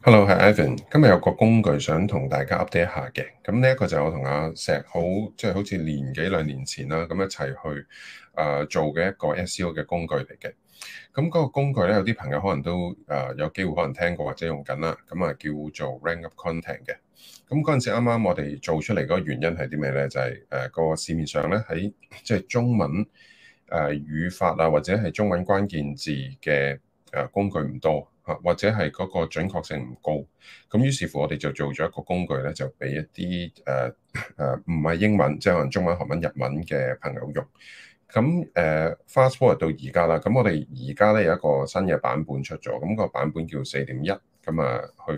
Hello，係 Evan。今日有個工具想同大家 update 一下嘅。咁呢一個就係我同阿石好，即係好似年幾兩年前啦，咁一齊去誒做嘅一個 SEO 嘅工具嚟嘅。咁嗰個工具咧，有啲朋友可能都誒有機會可能聽過或者用緊啦。咁啊叫做 RankUp Content 嘅。咁嗰陣時啱啱我哋做出嚟嗰個原因係啲咩咧？就係誒個市面上咧喺即係中文誒語法啊，或者係中文關鍵字嘅。誒工具唔多嚇，或者係嗰個準確性唔高，咁於是乎我哋就做咗一個工具咧，就俾一啲誒誒唔係英文，即係可能中文、韓文、日文嘅朋友用。咁誒、uh，fast forward 到而家啦。咁我哋而家咧有一個新嘅版本出咗，咁個版本叫四點一。咁啊去。